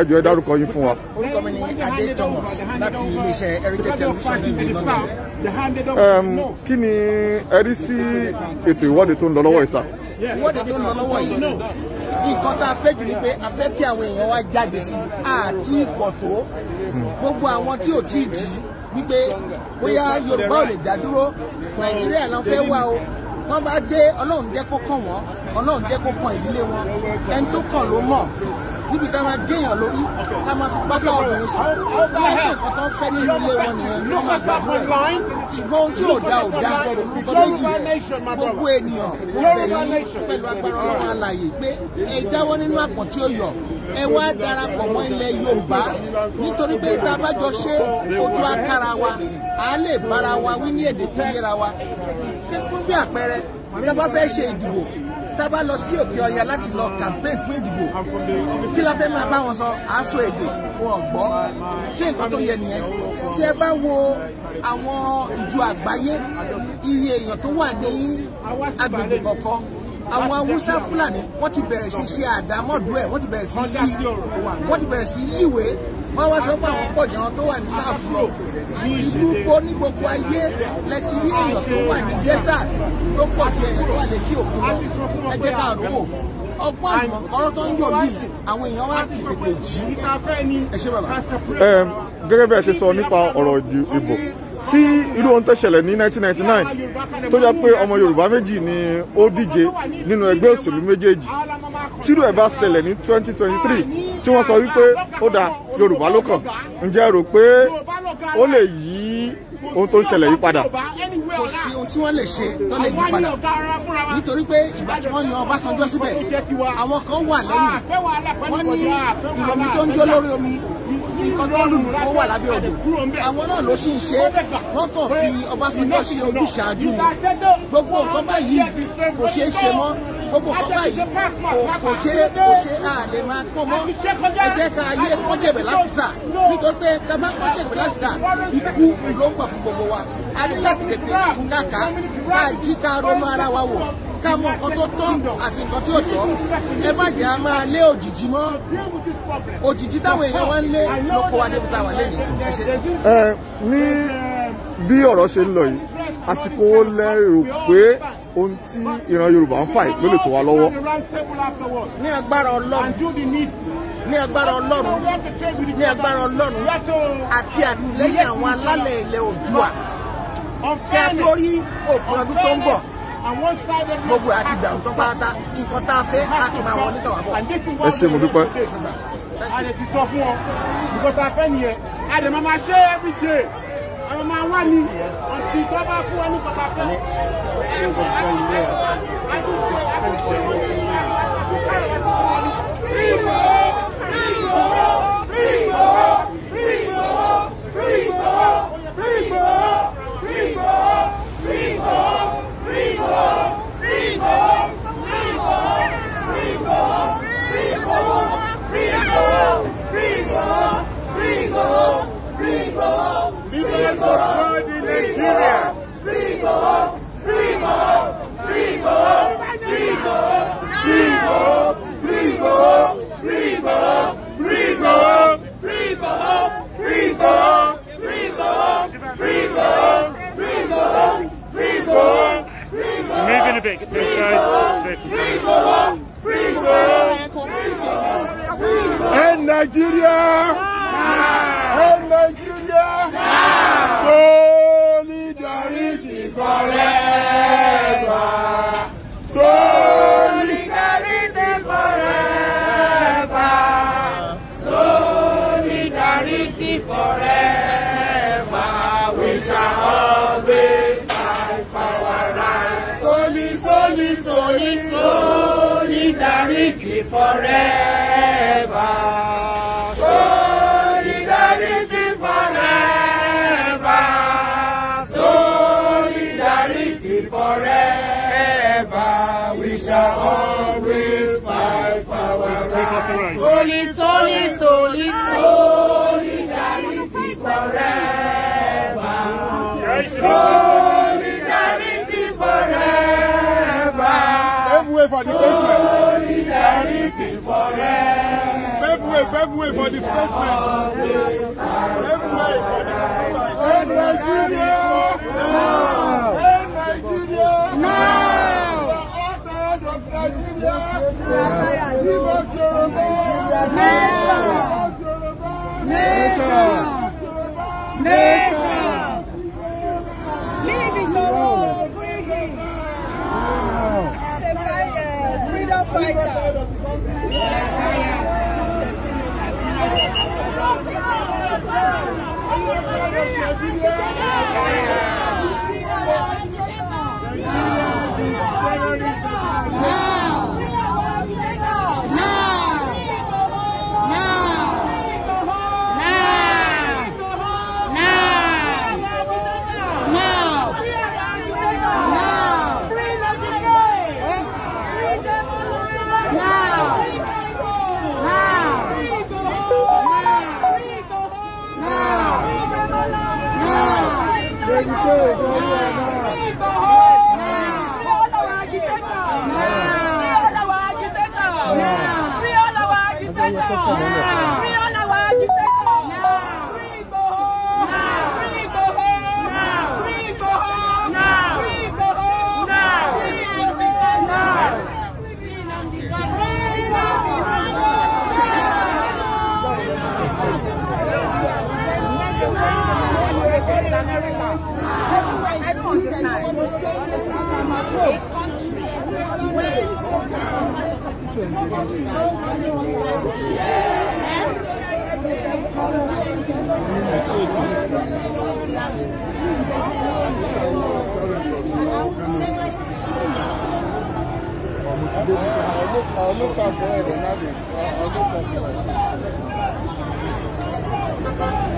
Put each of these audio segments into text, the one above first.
ẹ jọ̀ọ́ ẹ dárúkọ yín fún wa. orúkọ mi ni Adé Thomas láti iléeṣẹ́ heritage television ní ìlú London. kí ni ẹ rí sí ètò ìwọ́de tó ń lọ lọ́wọ́ ìsà. ìwọ́de tó ń lọ lọ́wọ́ yìí nǹkan tá a fẹ́ jù ni pé a fẹ́ kí àwọn èèyàn wa jáde sí àti ìpọ̀ tó gbogbo àwọn tí ò tí ì jí wípé bóyá Yorùbá ò lè dá dúró Nàìjíríà náà fẹ́ wá o wọ́n bá dé Ọlọ́run jẹ́ kó kàn wọ́n Ọlọ́run jẹ́ kó kàn ìdílé wọn ẹni tó kàn ló mọ̀ níbi ká máa géèyàn lórí ká máa fi pápá obìnrin sùn bí ẹgbẹ́ nǹkan tó ń fẹ́ nínú ilé wọn nìyẹn ló máa gbàgbọ́ ẹ̀ ṣùgbọ́n ohun tí ò dá ò dá nǹkan méjì gbogbo ènìyàn gbogbo ẹ̀yìn pẹ̀lú agbára ọlọ́run alàyè pé ẹ jáwọ́ nínú àpọ̀n tí ó yọ ẹ wá darapọ̀ mọ́ ilẹ̀ Yorùbá nítorí pé tá a bá jọ ṣe ojú akára wa à á lè bára wa wí ní èdè tó yẹra wa kí fún bí àpẹẹrẹ tá a bá fẹ́ ṣe ìdìbò tábà lọ sí òkè ọ̀yà láti lọ campaign fún ìdìbò kí la fẹ́ máa bá wọn sọ àásọ èdè wọn ò gbọ́ ṣé nǹkan tó yẹ nìyẹn tí ẹ bá wo àwọn ìjọ àgbáyé iye èèyàn tó wà ní agbègbè kọ̀ọ̀kan àwọn haúsá fúlàní wọ́n ti bẹ̀rẹ̀ sí ṣe àdámọ́dù ẹ̀ wọ́n ti bẹ̀rẹ̀ sí yí wọ́n ti bẹ̀rẹ̀ sí yí ìwé wọ́n wá sọ pé àwọn pọ̀ jẹun tó wà ní sáà fúlọ̀ ìlú bo ní gbogbo ayé lẹ ti rí èèyàn tó wà ní dẹ́sà tó pọ̀ jẹ èèyàn tó wà létí òkun lọ ẹ jẹ́ ká rò ó ọgbọ́n àmọ̀ kọ́rọ́ tó ń yọ yìí àwọn èèyàn wá ti tètè jí ẹ ṣe bàbá. gẹ́gẹ́ bí ẹ ṣe sọ nípa ọ̀rọ̀ ìbò tí irú ohun tó ṣẹlẹ̀ ní 1999 tó jẹ́ pé ọmọ Yorùbá méjì ni ó díje nínú ẹgbẹ́ òṣèlú méjèèjì tírú ẹ̀ bá ṣẹlẹ̀ ní 2023 tí wọ́n sọ wípé ó da Yorùbá ló kàn ǹjẹ́ rò pé ó lè yí ohun tó ń ṣẹlẹ̀ yí padà. kò sí ohun tí wọ́n lè ṣe tó lè yí padà nítorí pé ìgbà tí wọ́n yan Ọbásanjọ́ síbẹ̀ àwọn kan wà lẹ́yìn wọ́n ní ìrọ̀mí tó ń jó lórí omi nǹkan tó ń lù ó wà lábẹ́ odò àwọn náà ló sì ń ṣe wọ́n kàn fi Ọbásanjọ́ ṣe ojúṣàájú gbogbo nǹkan báyìí kò ṣeé ṣe mọ́ gbogbo kan báyìí kò ṣe kò ṣe àlè máa kọ́ mọ́ ẹ jẹ́ ká ayé kọ́jẹ̀bẹ̀ láti sà nítorí pé tá a bá kọ́jẹ̀bẹ̀ láti dà ikú ló ń gbà fún gbogbo wa a ní láti tètè sùn kàkà ká jí ká ronú ara wa wò ká mọ nǹkan tó tọ́ àti nǹkan tí ò tọ́ ẹ má jẹ́ a máa lé òjìji mọ́ òjìji táwọn èèyàn wá ń lé ló kó wa débi táwọn lẹ́yìn ẹ ṣe. ẹ eh, ní bí ọ̀rọ̀ ṣe ń lọ yìí um, àsìkò lẹ́rù pé ohun tí ìran yorùbá ń fà yìí ló lè tó wa lọ́wọ́. ní agbára ọlọ́run ní agbára ọlọ́run ní agbára ọlọ́run àti àtìlẹ́yìn àwọn alálẹ̀ ilẹ̀ oòdùà kí a tó rí òpin ọdún tó ń bọ̀ gbogbo àti ìdàrú tó pátá nǹkan tá a fẹ́ láti máa wọlé tọ̀wá bọ̀. ẹ ṣé mo dúpẹ́. a lè ti sọ fún ọ nǹkan tá a fẹ́ nìyẹn a lè máa máa ṣe é every day wá ni àti tó bá fún wa ní bàbá kan. Free Nigeria! Free Free Free Free Free Free Free Free Free Free Free Free Free Free Free Moving a bit, Free Free Free And Nigeria! Solidarity forever. Solidarity forever. Solidarity forever. We shall always fight for our rights. Soli, soli, soli, solidarity forever. everywhere for displacement. Everywhere for displacement. Everywhere for displacement. olha o café, Renato. Olha o café.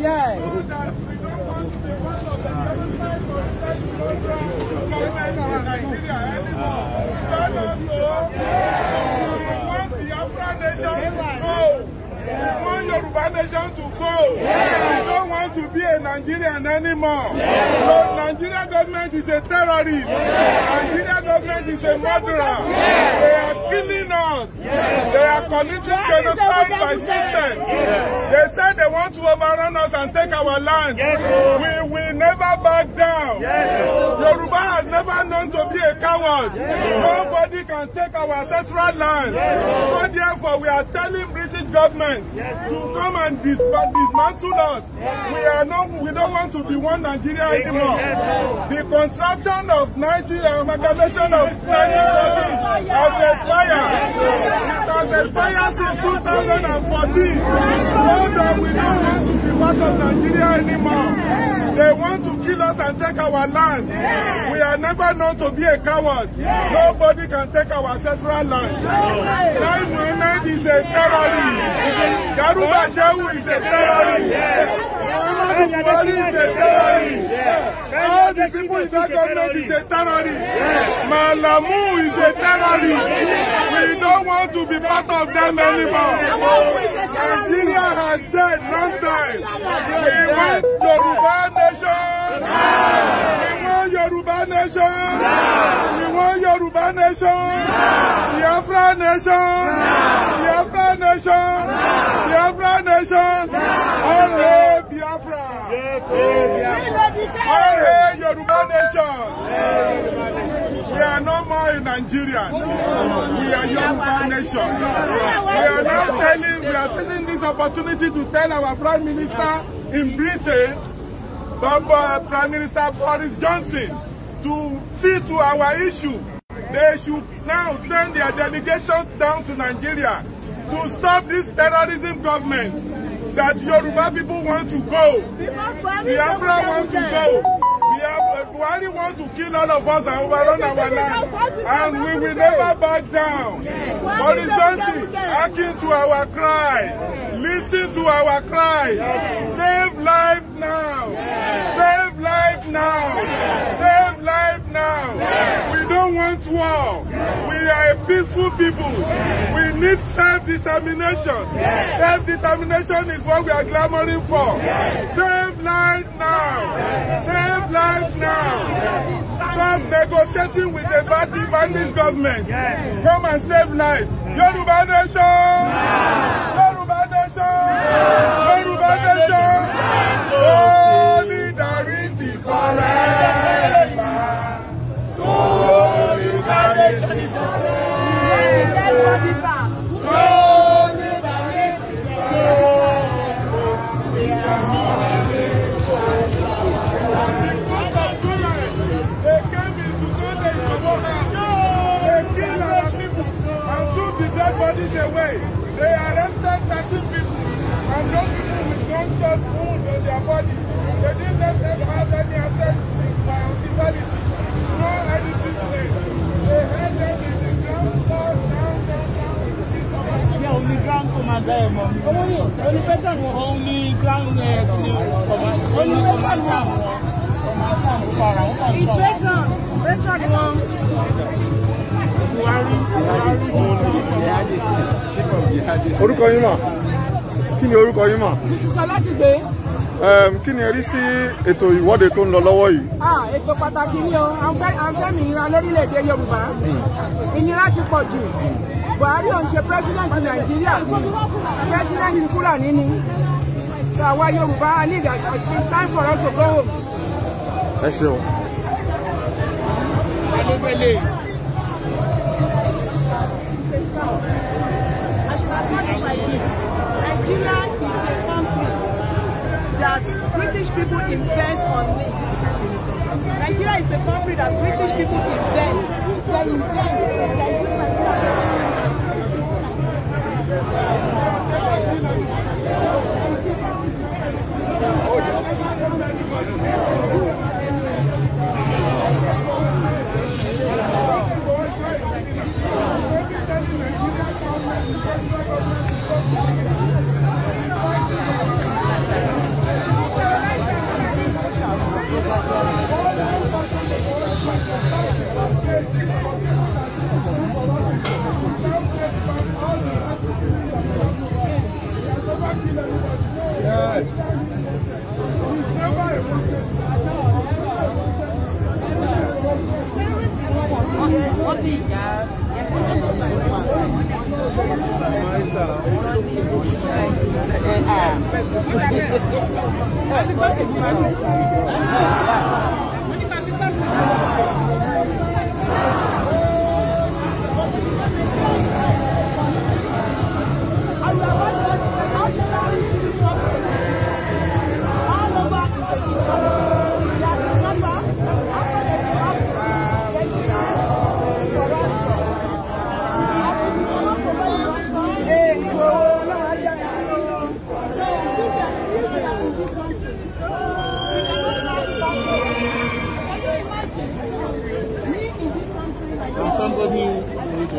Yeah. Yeah. We want Yoruba nation to go. Yeah. We don't want to be a Nigerian anymore. Yeah. So Nigeria government is a terrorist. Yeah. Nigeria government is a murderer. Yeah. They are killing us. Yeah. They are committing genocide by system. Yeah. They said they want to overrun us and take our land. Yes, we will never back down. Yes, Yoruba has never known to be a coward. Yes, Nobody can take our ancestral land. Yes, so therefore we are telling British government yes. to come and dismantle us. Yes. We are not, we don't want to be one Nigeria anymore. Yes. The contraction of 90, uh, amalgamation of 90 expires in 2014. Hold on, we don't want to be part of Nigeria anymore. They want to kill us and take our land. We are never known to be a coward. Nobody can take our ancestral land. Lai Mohammed is a terrorist. Garuba Shehu is a terrorist. Buhari is a terrorist. Yeah. All the people in that government is a terrorist. Yeah. Malamu is a terrorist. We don't want to be part of them anymore. Nigeria has dead long time. We want Yoruba nation. We want Yoruba nation. We want Yoruba nation. The Afra nation. The Afra nation. Biafra nation. Biafra nation. Biafra. Hey, Yoruba nation. We are no more in We are Yoruba nation. We are now telling, we are seizing this opportunity to tell our Prime Minister in Britain, Baba Prime Minister Boris Johnson, to see to our issue. They should now send their delegation down to Nigeria to stop this terrorism government that Yoruba people want to go. The Afra want to go. The Buhari want to kill all of us and overrun our land. And we will never back down. Boris Johnson, hearken to our cry. Listen to our cry. Save life now. Save life now. peaceful people. Yes. We need self-determination. Yes. Self-determination is what we are clamoring for. Yes. Save life now. Yes. Save life now. Stop negotiating with the bad bandit government. Yes. Come and save life. Yoruba Nation! Yeah. Yoruba Nation! Yeah. Yoruba Nation! Yeah. Oh. ni grand commander ẹ̀ mọ́. òun ni òní pẹ́tàn wọn. ni grand ẹ̀ kìíní commander. òun ni pẹ́tàn wọn. ìpẹ́tàn pẹ́tàn wọn. Buhari Buhari òun ni Buhari chief of the hadi. orúkọ yín mà kí ni orúkọ mrs Ọlátìgbé um, kí ni ẹ sí ètò ìwọ́de tó ń lọ lọ́wọ́ yìí. Ah, ètò pàtàkì ni o à ń fẹ́ mìíràn lórílẹ̀‐èdè Yorùbá hmm. ìnira ti pọ̀ jù buhari ò ń ṣe president nàìjíríà president fúlàní ni so àwa yorùbá ní ìdájọ́ it's time for us to go home. ẹ ṣeun. Nigeria is a country that British people invest on it. Nigeria is a country that British people invest. They invest. They invest. Hoje. Yeah. Um, Ghana, I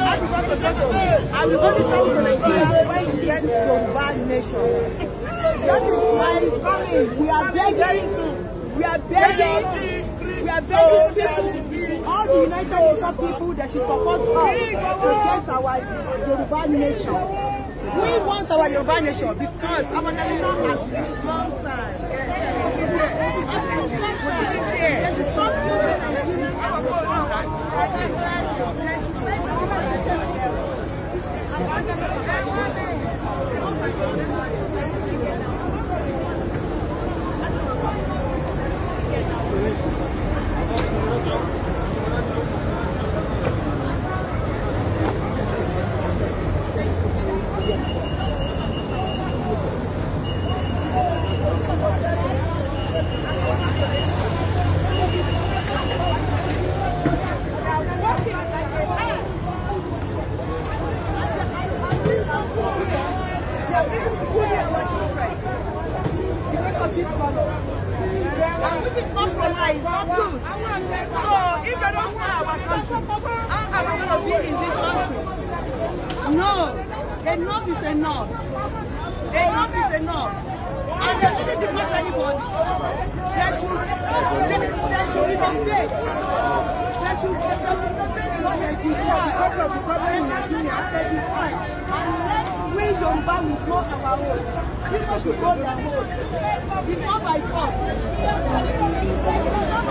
have to go to Ghana. I only come to Nigeria when it gets Yoruba nation. That is why it's coming. We are begging. We are begging. We are begging people, all the United Nations people that should support us to against our Yoruba nation. We want our Yoruba nation because our nation has been long time. Yes. Yes. Yes. this money. And which is not proper, it's not good. So if they don't start our country, how am I going to be in this country? No, enough is enough. Enough is enough. And they shouldn't demand anybody. They should, they, they should relocate. They should, they should protest what they destroy. They should protest what they destroy. And let we Yoruba will go our own. People should go their road. It's not by force.